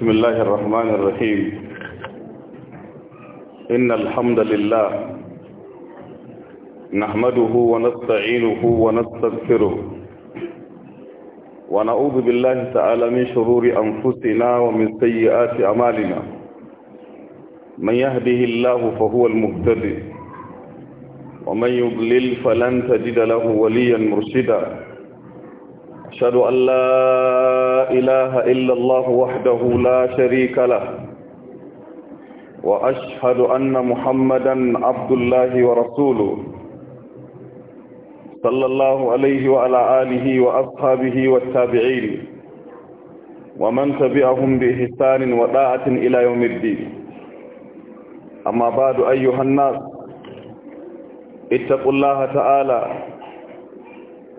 بسم الله الرحمن الرحيم إن الحمد لله نحمده ونستعينه ونستغفره ونعوذ بالله تعالى من شرور أنفسنا ومن سيئات أمالنا من يهده الله فهو المهتدي ومن يضلل فلن تجد له وليا مرشدا وأشهد أن لا إله إلا الله وحده لا شريك له وأشهد أن محمدا عبد الله ورسوله صلى الله عليه وعلى آله وأصحابه والتابعين ومن تبعهم بإحسان وداعة إلى يوم الدين أما بعد أيها الناس اتقوا الله تعالى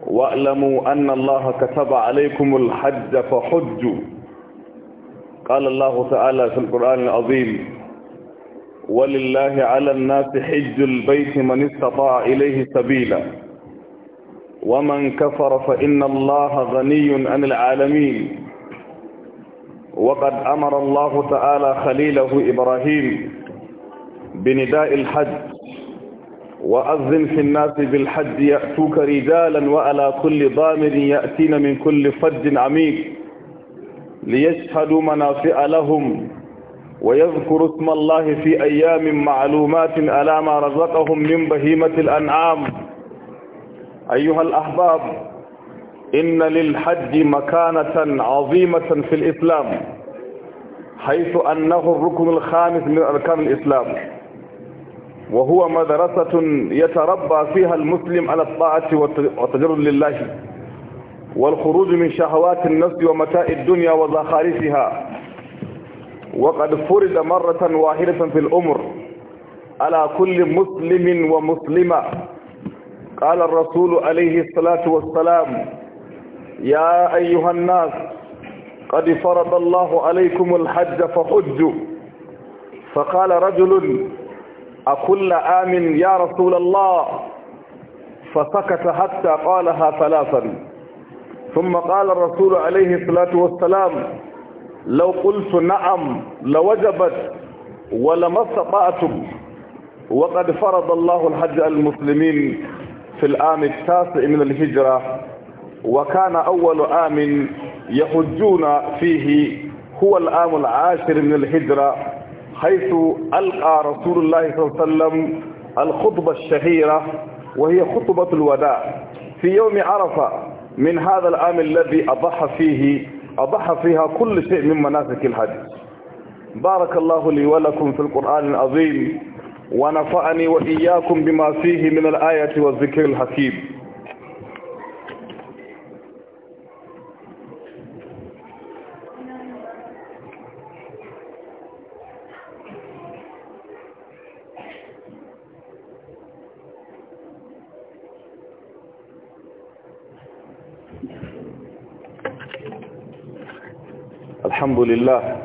واعلموا أن الله كتب عليكم الحج فحجوا قال الله تعالى في القرآن العظيم ولله على الناس حج البيت من استطاع إليه سبيلا ومن كفر فإن الله غني عن العالمين وقد أمر الله تعالى خليله إبراهيم بنداء الحج وأذن في الناس بالحج يأتوك رجالا وعلى كل ضامر يأتين من كل فج عميق ليشهدوا منافع لهم ويذكروا اسم الله في أيام معلومات ألا ما رزقهم من بهيمة الأنعام أيها الأحباب إن للحج مكانة عظيمة في الإسلام حيث أنه الركن الخامس من أركان الإسلام وهو مدرسة يتربى فيها المسلم على الطاعة والتجرد لله والخروج من شهوات النفس ومتاع الدنيا وزخارفها وقد فرض مرة واحدة في الأمر على كل مسلم ومسلمة قال الرسول عليه الصلاة والسلام يا أيها الناس قد فرض الله عليكم الحج فحجوا فقال رجل أقول آمن يا رسول الله فسكت حتى قالها ثلاثا ثم قال الرسول عليه الصلاة والسلام لو قلت نعم لوجبت ولما استطعتم وقد فرض الله الحج على المسلمين في العام التاسع من الهجرة وكان أول عام يحجون فيه هو العام العاشر من الهجرة حيث ألقى رسول الله صلى الله عليه وسلم الخطبة الشهيرة وهي خطبة الوداع في يوم عرفة من هذا العام الذي أضحى فيه أضحى فيها كل شيء من مناسك الحج بارك الله لي ولكم في القرآن العظيم ونفعني وإياكم بما فيه من الآية والذكر الحكيم الحمد لله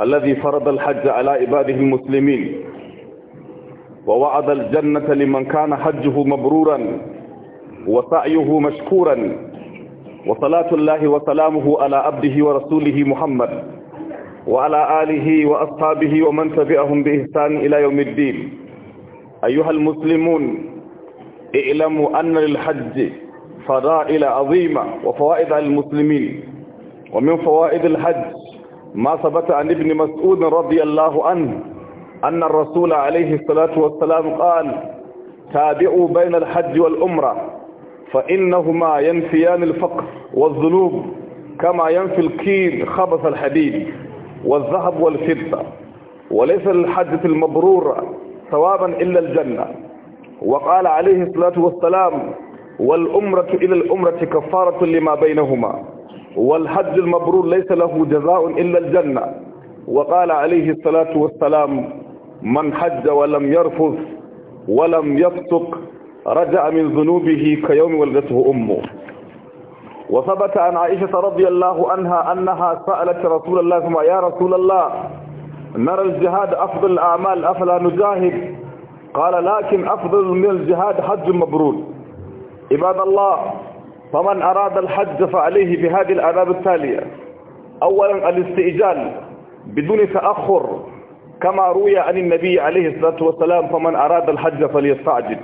الذي فرض الحج على عباده المسلمين ووعد الجنة لمن كان حجه مبرورا وسعيه مشكورا وصلاة الله وسلامه على عبده ورسوله محمد وعلى آله وأصحابه ومن تبعهم بإحسان إلى يوم الدين أيها المسلمون اعلموا أن للحج فضائل عظيمة وفوائد على المسلمين ومن فوائد الحج ما ثبت عن ابن مسعود رضي الله عنه أن الرسول عليه الصلاة والسلام قال تابعوا بين الحج والأمرة فإنهما ينفيان الفقر والذنوب كما ينفي الكيل خبث الحديد والذهب والفضة وليس للحجة المبرورة ثوابا إلا الجنة وقال عليه الصلاة والسلام والأمرة إلى الأمرة كفارة لما بينهما والحج المبرور ليس له جزاء إلا الجنة وقال عليه الصلاة والسلام من حج ولم يرفض ولم يفسق رجع من ذنوبه كيوم ولدته أمه وثبت عن عائشة رضي الله عنها أنها سألت رسول الله ثم يا رسول الله نرى الجهاد أفضل الأعمال أفلا نجاهد قال لكن أفضل من الجهاد حج مبرور عباد الله فمن أراد الحج فعليه بهذه الآداب التالية أولا الاستئجال بدون تأخر كما روي عن النبي عليه الصلاة والسلام فمن أراد الحج فليستعجل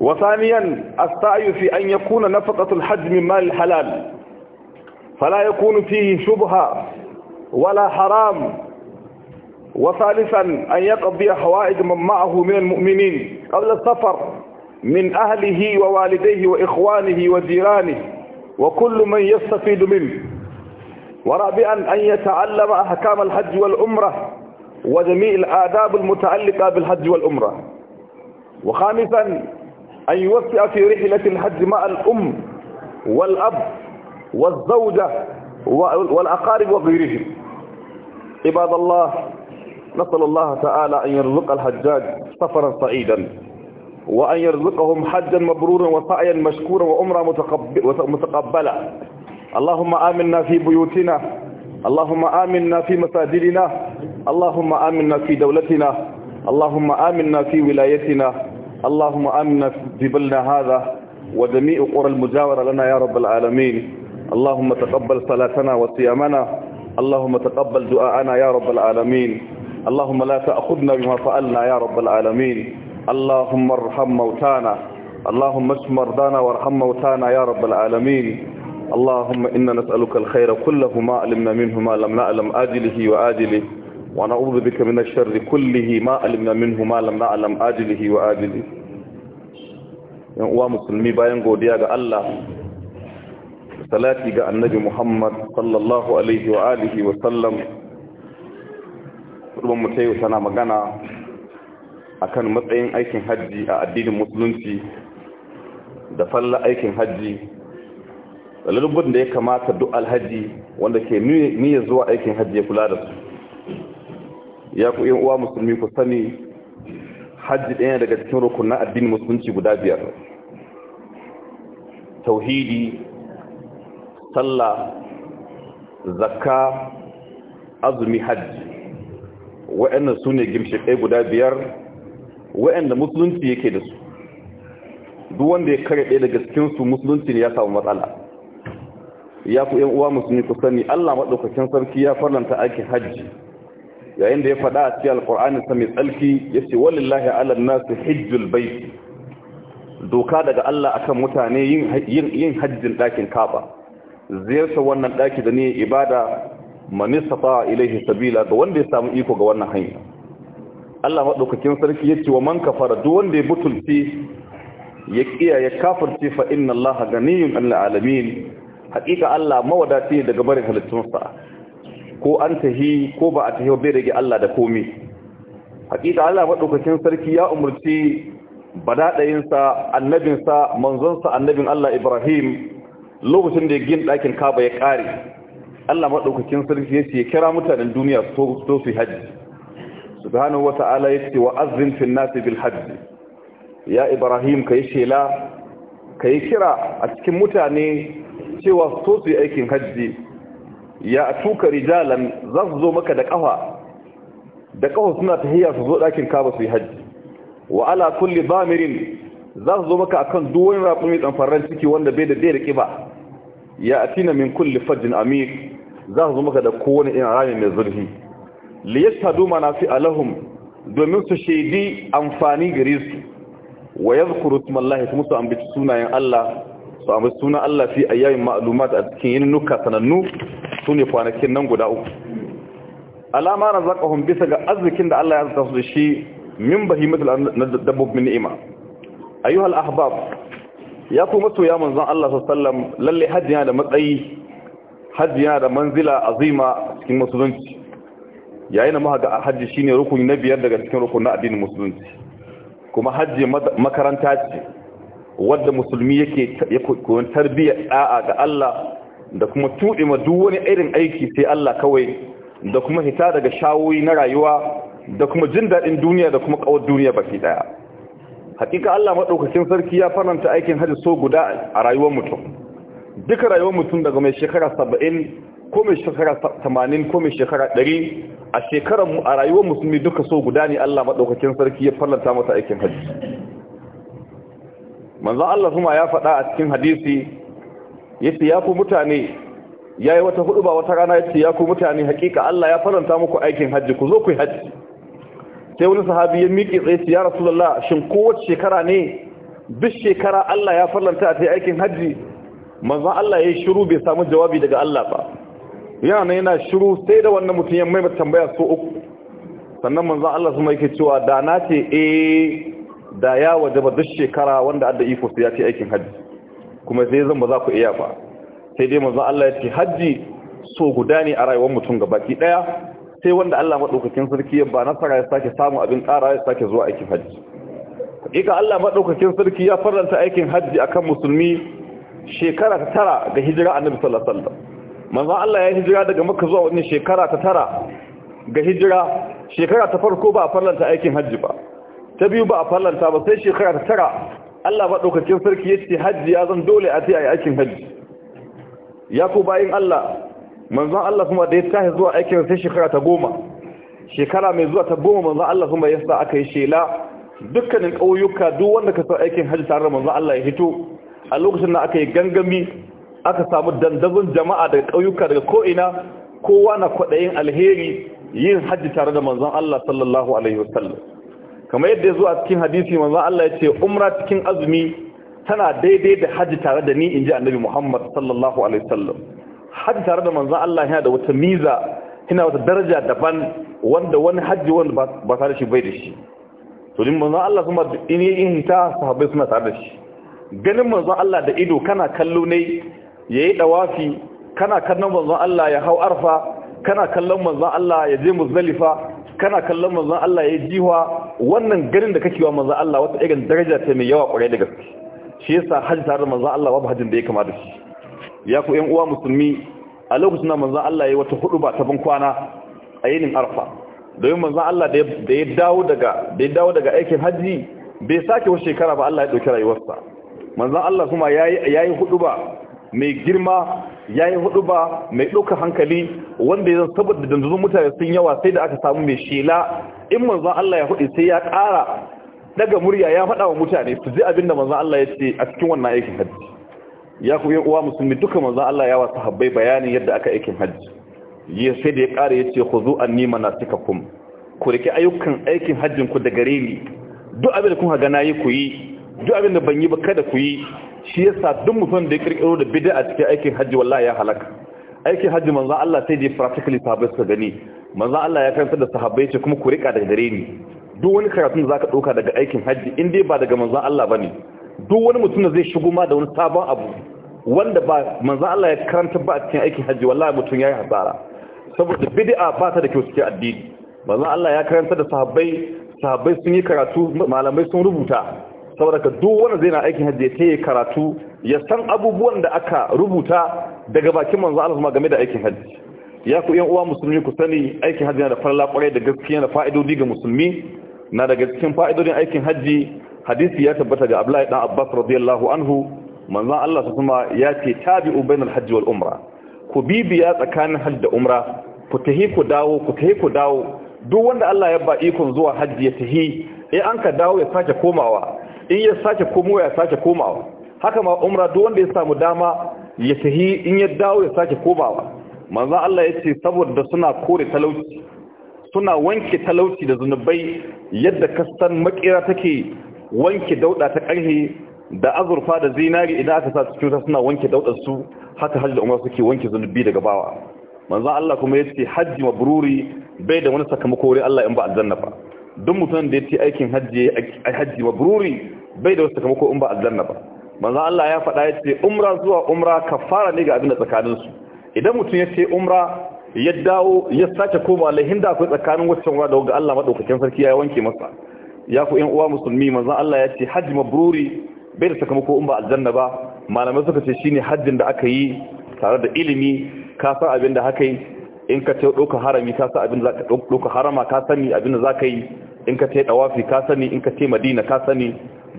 وثانيا السعي في أن يكون نفقة الحج من مال الحلال فلا يكون فيه شبهة ولا حرام وثالثا أن يقضي حوائج من معه من المؤمنين قبل السفر من أهله ووالديه وإخوانه وجيرانه وكل من يستفيد منه ورابعا أن يتعلم أحكام الحج والعمرة وجميع الآداب المتعلقة بالحج والعمرة وخامسا أن يوفئ في رحلة الحج مع الأم والأب والزوجة والأقارب وغيرهم عباد الله نسأل الله تعالى أن يرزق الحجاج سفرا سعيدا وأن يرزقهم حجا مبرورا وسعيا مشكورا وأمرا متقبلا اللهم آمنا في بيوتنا اللهم آمنا في مساجدنا اللهم آمنا في دولتنا اللهم آمنا في ولايتنا اللهم آمنا في جبلنا هذا وجميع قرى المجاورة لنا يا رب العالمين اللهم تقبل صلاتنا وصيامنا اللهم تقبل دعاءنا يا رب العالمين اللهم لا تأخذنا بما فعلنا يا رب العالمين اللهم ارحم موتانا اللهم اشف مرضانا وارحم موتانا يا رب العالمين اللهم إنا نسألك الخير كله ما علمنا منه ما لم نعلم آجله وآجله ونعوذ بك من الشر كله ما علمنا منه ما لم نعلم آجله وآجله yan uwa musulmi bayan godiya ga Allah salati ga annabi Muhammad sallallahu alaihi wa alihi wa sallam ruwan mutayu tana magana akan matsayin aikin hajji a addinin musulunci da falla aikin hajji da da ya kamata duk alhaji wanda ke niyyar zuwa aikin hajji ya kula da su ya ku yin uwa musulmi ku sani hajji ɗaya daga cikin rukunan addinin musulunci guda biyar tauhidi sallah zakka azumi hajji wa'annan su ne ɗaya guda biyar wa'anda musulunci yake da su duk wanda ya karya ɗaya daga cikin su musulunci ne ya samu matsala ya ku yan uwa musulmi ku sani Allah madaukakin sarki ya farlanta aikin hajji yayin da ya faɗa a cikin sami sa mai ya ce wallahi alal nasu hijjul bai" doka daga Allah akan mutane yin hajjin ɗakin kaba ziyarta wannan ɗaki da ne ibada man ilaihi sabila ga wanda ya samu iko ga wannan hanya Allah maɗaukakin sarki ya ce wa man kafara duk wanda ya butulci ya kiya ya kafirce fa inna Allah ganiyun Allah alamin haƙiƙa Allah mawadaci ne daga barin halittunsa ko an tahi ko ba a tahi bai rage Allah da komai. haƙiƙa Allah maɗaukakin sarki ya umarci badaɗayinsa annabinsa manzonsa annabin Allah Ibrahim lokacin da ya gin ɗakin kaba ya ƙare Allah maɗaukakin sarki ya ce kira mutanen duniya su su hajji subhanahu wata'ala ya yace wa azzin fil nas bil hajj ya ibrahim kai shela kai kira a cikin mutane cewa so su yi aikin hajji ya atuka rijalan za su zo maka da kafa da kafa suna tahiyya su zo dakin kaba su yi hajji wa ala kulli bamirin za su zo maka akan duk wani rabu mai ciki wanda bai da dai da kiba ya atina min kulli fajjin Amir za su zo maka da kowane irin rami mai zurfi liyashhadu manafi'a lahum domin su shaidi amfani gare su wa yadhkuru ismallahi kuma su ambaci sunayen Allah su ambaci sunan Allah fi ayyamin ma'lumat a cikin nuka sanannu sune kwanakin nan guda uku alama razaqahum bisa ga arzikin da Allah ya azza su da shi min bahimatul dabbobin ni'ima ayyuhal ahbab ya ku masoya manzon Allah sallallahu lalle hajji yana da matsayi hajji yana da manzila azima cikin musulunci yayin da muka ga hajji shine rukuni na biyar daga cikin rukunin addinin musulunci kuma hajji makaranta ce wanda musulmi yake ya koyon tarbiyya da'a ga Allah da kuma tudi ma duk wani irin aiki sai Allah kawai da kuma hita daga shawoyi na rayuwa da kuma jin daɗin duniya da kuma kawar duniya baki daya hakika Allah maɗaukacin sarki ya faranta aikin hajji so guda a rayuwar mutum duka rayuwar mutum daga mai shekara saba'in ko mai shekara tamanin ko mai shekara ɗari a shekarar mu a rayuwar musulmi duka so guda ne Allah madaukakin sarki ya fallanta masa aikin hajji manzo Allah kuma ya faɗa a cikin hadisi ya ce ya ku mutane ya yi wata ba wata rana ya ce ya ku mutane hakika Allah ya fallanta muku aikin hajji ku zo ku yi hajji sai wani sahabi ya miƙe tsaye ya rasulullah shin kowace shekara ne duk shekara Allah ya farlanta a ta aikin hajji manzan Allah ya yi shiru bai samu jawabi daga Allah ba yana yana shiru sai da wannan mutum ya mai tambaya so uku sannan manzan Allah su mai cewa da na ce eh da ya waje ba duk shekara wanda adda iko sai ya ce aikin hajji kuma sai zan ba za ku iya ba sai dai manzan Allah ya ce hajji so guda ne a rayuwar mutum ga baki daya sai wanda Allah madaukakin sarki ya ba nasara ya sake samu abin ƙara ya sake zuwa aikin hajji ika Allah madaukakin sarki ya faranta aikin hajji akan musulmi shekara ta tara ga hijira annabi sallallahu alaihi wasallam manzon Allah ya hijira daga makka zuwa wani shekara ta tara ga hijira shekara ta farko ba a fallanta aikin haji ba ta biyu ba a fallanta ba sai shekara ta tara Allah ba ɗaukakin sarki ya ce hajji ya zan dole a tiya aikin hajji ya ku bayin Allah manzon Allah kuma da ya tashi zuwa aikin sai shekara ta goma shekara mai zuwa ta goma manzon Allah kuma ya sa aka yi shela dukkanin ƙauyuka duk wanda ka so aikin hajji tare da manzon Allah ya hito a lokacin da aka yi gangami aka samu dandazon jama'a daga ƙauyuka daga ko'ina kowa na kwaɗayin alheri yin hajji tare da manzon Allah sallallahu alaihi wasallam kamar yadda ya zuwa cikin hadisi manzon Allah ya ce umra cikin azumi tana daidai da hajji tare da ni inji annabi Muhammad sallallahu alaihi wasallam hajji tare da manzon Allah yana da wata miza yana wata daraja daban wanda wani hajji wanda ba tare shi bai da shi to din manzon Allah kuma in yi ta sahabbai suna tare da shi ganin manzon Allah da ido kana kallo ne yayi ɗawafi kana kallon manzon Allah ya hau arfa kana kallon manzon Allah ya je muzalifa kana kallon manzon Allah ya jiwa wannan ganin da kake wa manzon Allah wata irin daraja ce mai yawa kwarai da gaske shi yasa hajji tare da manzon Allah babu hajjin da ya kama da shi ya ku ƴan uwa musulmi a lokacin da manzon Allah ya yi wata hudu ba ta ban kwana a yinin arfa domin manzon Allah da ya dawo daga da ya dawo daga aikin hajji bai sake wasu shekara ba Allah ya dauki rayuwarsa manzon Allah kuma yayi yayi hudu ba mai girma ya yi hudu ba mai ɗauka hankali wanda ya zan saboda dandazon mutane sun yawa sai da aka samu mai shela in manzan Allah ya hudu sai ya ƙara daga murya ya faɗa wa mutane su ji abinda manzan Allah ya ce a cikin wannan aikin hajji ya ku yi uwa musulmi duka manzan Allah ya wasu habbai bayanin yadda aka aikin hajji ya sai da ya ƙara ya ce ku zo an nima na suka kum ku rike ayyukan aikin hajjin ku da gare ni duk abin da kuka haga na yi ku yi duk abin da ban yi ba kada ku yi shi yasa duk mutum da ya kirkiro da bid'a a cikin aikin hajji wallahi ya halaka aikin hajji manzo Allah sai dai practically sabai suka gani manzo Allah ya kanta da sahabbai ce kuma ku rika daga gare ni duk wani karatun zaka dauka daga aikin hajji in dai ba daga manzo Allah bane duk wani mutum da zai shigo ma da wani sabon abu wanda ba manzo Allah ya karanta ba a cikin aikin hajji wallahi mutum yayi hasara saboda bid'a ba ta da kyau cikin addini manzo Allah ya karanta da sahabbai sahabbai sun yi karatu malamai sun rubuta saboda ka duk wanda zai na aikin hajji ya sai karatu ya san abubuwan da aka rubuta daga bakin manzo Allah kuma game da aikin hajji ya ku yan uwa musulmi ku sani aikin hajji na da farla kwarai da gaskiya na fa'idodi ga musulmi na daga cikin fa'idodin aikin hajji hadisi ya tabbata ga Abdullahi dan Abbas radiyallahu anhu manzo Allah kuma ya ce tabi'u bainal hajji wal umra ku bibiya tsakanin hajji da umra ku tahi ku dawo ku tahi ku dawo duk wanda Allah ya ba ikon zuwa hajji ya tahi eh an ka dawo ya sake komawa in ya sake komowa ya sake komawa haka ma umra duk wanda ya samu dama ya tahi in ya dawo ya sake komawa manzo Allah ya ce saboda suna kore talauci suna wanke talauci da zunubai yadda kasan makira take wanke dauda ta karhe da azurfa da zinari idan aka sa cikin ta suna wanke daudar su haka hajji da umra suke wanke zunubi daga bawa manzo Allah kuma ya ce hajji mabruri bai da wani sakamako wuri Allah in ba aljanna ba duk mutum da ya ci aikin hajji a hajji bai da wasu sakamako in ba aljanna ba manzan Allah ya faɗa ya ce umra zuwa umra ka fara ne ga abin da tsakaninsu. idan mutum ya ce umra ya dawo ya sace koma lahin da akwai tsakanin wacce umra da ga Allah madaukakin sarki ya wanke masa ya ku ƴan uwa musulmi manzan Allah ya ce hajji ma bururi bai da sakamako in ba aljanna ba malamai suka ce shine hajjin da aka yi tare da ilimi kafin abin da haka yi in ka ce ɗauka harami ka sa abin da za ka ɗauka harama ka sani abin da za ka yi in ka ce ɗawafi ka sani in ka ce madina ka sani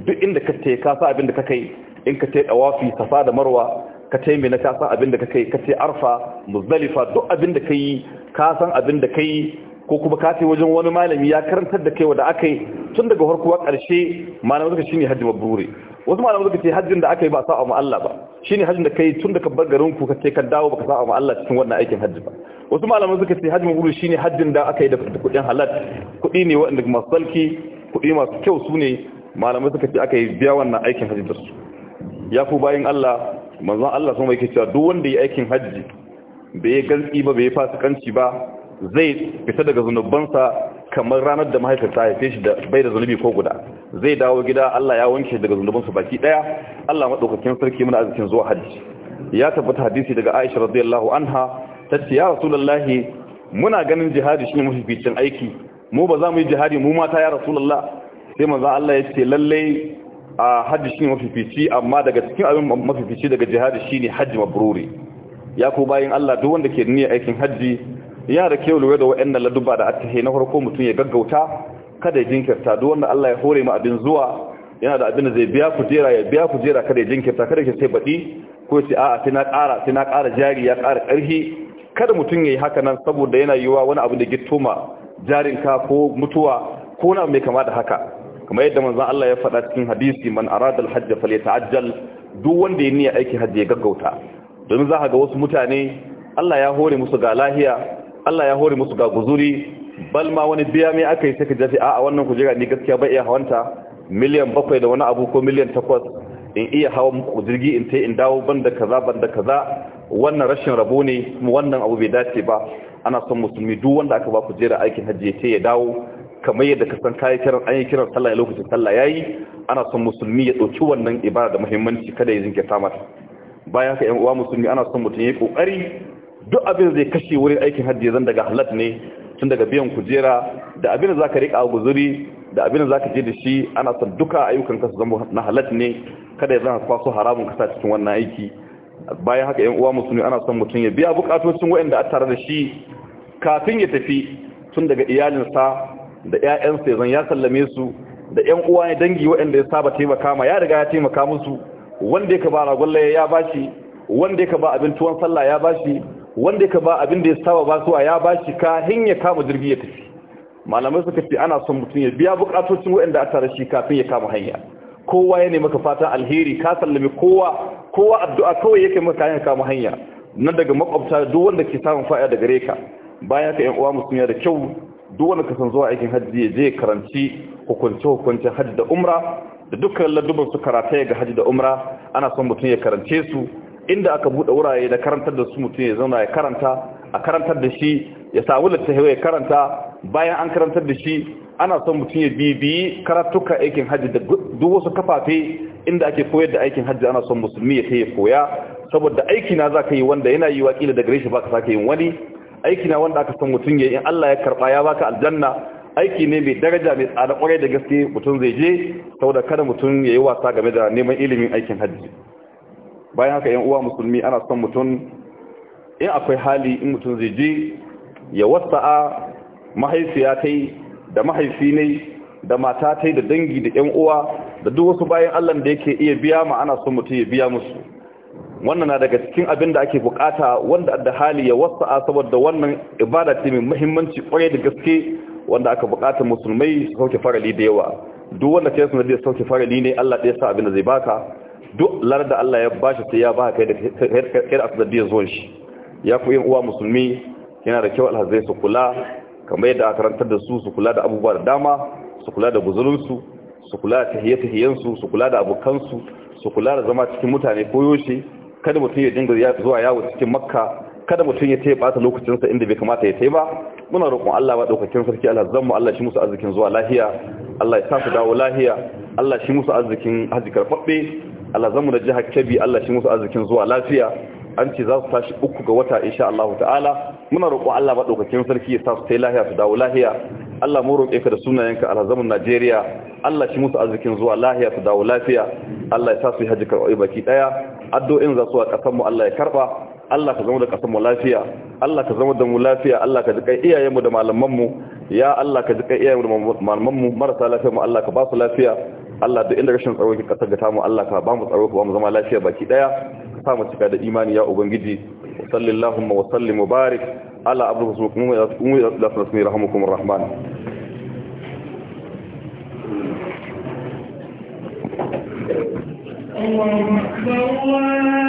duk inda ka ce ka sa abin da ka kai in ka ce ɗawafi safa da marwa ka ce mina ka san abin da ka kai ka ce arfa muzdalifa duk abin da ka yi ka san abin da ka yi ko kuma ka ce wajen wani malami ya karantar da kai wanda aka yi tun daga harkuwa ƙarshe malamai suka shine hajji mabruri wasu malamai suka ce hajjin da aka yi ba sa'a mu Allah ba shine hajjin da kai tun daga bar garin ku ka ce ka dawo baka sa'a mu Allah cikin wannan aikin hajji ba wasu malaman suka ce hajjin shi shine hajjin da aka yi da kudin halal kudi ne waɗanda masu salki kudi masu kyau su ne malamai suka ce aka yi biya wannan aikin hajji da su ya ku bayan Allah manzon Allah sun mai cewa duk wanda ya aikin hajji bai yi gantsi ba bai yi fasikanci ba zai fita daga zunubansa kamar ranar da mahaifar ta haife shi da bai da zunubi ko guda zai dawo gida Allah ya wanke daga zunubansa baki daya Allah madaukakin sarki mana azikin zuwa hajji ya tabbata hadisi daga Aisha radiyallahu anha ta ce ya rasulullahi muna ganin jihadi shine mafificin aiki mu ba za mu yi jihadi mu mata ya rasulullah sai manzo Allah ya ce lalle a hajji shine mafifici amma daga cikin abin mafifici daga jihadi shine hajji mabruri ya ku bayan Allah duk wanda ke niyyar aikin hajji ya da kyau lura da wa'annan laduba da attahi na farko mutum ya gaggauta kada ya jinkirta duk wanda Allah ya hore mu abin zuwa yana da abin da zai biya kujera ya biya kujera kada ya jinkirta kada ke sai baɗi ko ya ce a'a sai na ƙara sai na ƙara jari ya ƙara ƙarfi kada mutum ya yi haka nan saboda yana yiwa wani abu da jarin ka ko mutuwa ko na mai kama da haka Kuma yadda manzan Allah ya faɗa cikin hadisi man arada alhajja ta'ajjal, duk wanda ya niyya aiki hajji ya gaggauta domin za ka ga wasu mutane Allah ya hore musu ga lahiya Allah ya hore musu ga guzuri bal ma wani biya mai aka yi sai ka jafi a wannan kujera ni gaskiya ba iya hawanta miliyan bakwai da wani abu ko miliyan takwas in iya hawa jirgi in ta in dawo ban kaza ban kaza wannan rashin rabo ne wannan abu bai dace ba ana son musulmi duk wanda aka ba kujera aikin hajji ya ce ya dawo kamar yadda ka san kayan kiran an yi kiran sallah lokacin sallah yayi ana son musulmi ya dauki wannan ibada da muhimmanci kada ya zinke mata bayan haka 'yan uwa musulmi ana son mutum ya yi kokari duk abin zai kashe wurin aikin hajji zan daga halat ne tun daga biyan kujera da abin da zaka rika guzuri da abin da zaka je da shi ana son duka ayyukan ka su zama na halat ne kada ya zama kwaso haramun kasa cikin wannan aiki bayan haka yan uwa musulmi ana son mutum ya biya bukatocin waɗanda a tare da shi kafin ya tafi tun daga iyalinsa da 'ya'yansa ya zan ya sallame su da yan uwa ne dangi waɗanda ya saba taimaka ma ya riga ya taimaka musu wanda ya ka ba ragwallaye ya bashi wanda ya ka ba abin tuwon sallah ya bashi wanda ya ka ba abin da ya saba ba su a ya bashi ka hinya kama jirgi ya tafi malamai suka ce ana son mutum ya biya bukatocin waɗanda a tare da shi kafin ya kama hanya kowa ya nemi maka fatan alheri ka sallame kowa kowa addu'a kawai yake maka kayan kama hanya nan daga makwabta duk wanda ke samun fa'ida daga gare ka bayan ka yan uwa musulmi da kyau duk wanda ka san zuwa aikin hajji ya je karanci hukunce hukunce hajji da umra da dukkan ladduban su karata ga hajji da umra ana son mutum ya karance su inda aka buɗe wurare da karantar da su mutum ya zauna ya karanta a karantar da shi ya samu littattafai ya karanta bayan an karantar da shi ana son mutum ya bibiyi karatuka aikin hajji da duk wasu kafafe inda ake koyar da aikin hajji ana son musulmi ya kai koya saboda aiki na zaka yi wanda yana yi wakila da gare shi baka sake yin wani aiki na wanda aka san mutum ya in Allah ya karba ya baka aljanna aiki ne mai daraja mai tsada kwarai da gaske mutum zai je saboda kada mutum ya yi wasa game da neman ilimin aikin hajji bayan haka yan uwa musulmi ana son mutum in akwai hali in mutum zai je ya wasa'a mahaifiya ta da mahaifi ne da mata ta da dangi da ƴan uwa da duk wasu bayan Allah da yake iya biya ma ana son mutum ya biya musu wannan na daga cikin abin da ake bukata wanda da hali ya wasa saboda wannan ibada ce mai muhimmanci kwarai da gaske wanda aka bukata musulmai su sauke farali da yawa duk wanda ta yasu da zai sauke farali ne Allah ɗaya sa abin da zai baka duk lar da Allah ya bashi sai ya baka kai da kai da asadiyar zuwan shi ya ku yin uwa musulmi yana da kyau alhazai su kula kamar yadda a rantar da su su kula da abubuwa da dama su kula da buzurinsu su kula da tahiyye su kula da abokansu su kula da zama cikin mutane koyaushe, kada mutum ya dinga zuwa yawo cikin makka kada mutum ya taya bata lokacinsa inda bai kamata ya taya ba muna roƙon Allah ba daukakin sarki Allah zamu Allah shi musu arzikin zuwa lahiya Allah ya sa su dawo lahiya Allah shi musu arzikin haji karfabe, Allah zamu da jihar Kebbi Allah shi musu arzikin zuwa lafiya an ce za su tashi uku ga wata insha Allah ta'ala muna roƙo Allah maɗaukakin sarki ya sa su tai lahiya su dawo lahiya Allah mu roƙe ka da sunayenka alhazamin Najeriya Allah shi musu arzikin zuwa lahiya su dawo lafiya Allah ya sa su yi hajji karɓar baki ɗaya addu'o'in za su a ƙasar mu Allah ya karɓa Allah ka zama da ƙasar mu lafiya Allah ka zama da mu lafiya Allah ka jiƙa iyayen mu da malaman mu ya Allah ka jiƙa iyayen mu da malaman mu marasa lafiya mu Allah ka ba su lafiya Allah da inda rashin tsaro ke ƙasar ga tamu Allah ka ba mu tsaro ka ba mu zama lafiya baki ɗaya samu cika da imani ya ubangiji wa sallallahu wa sallim mubarak ala abduhu subhanahu wa ta'ala la tasmi rahmukum arrahman Allahumma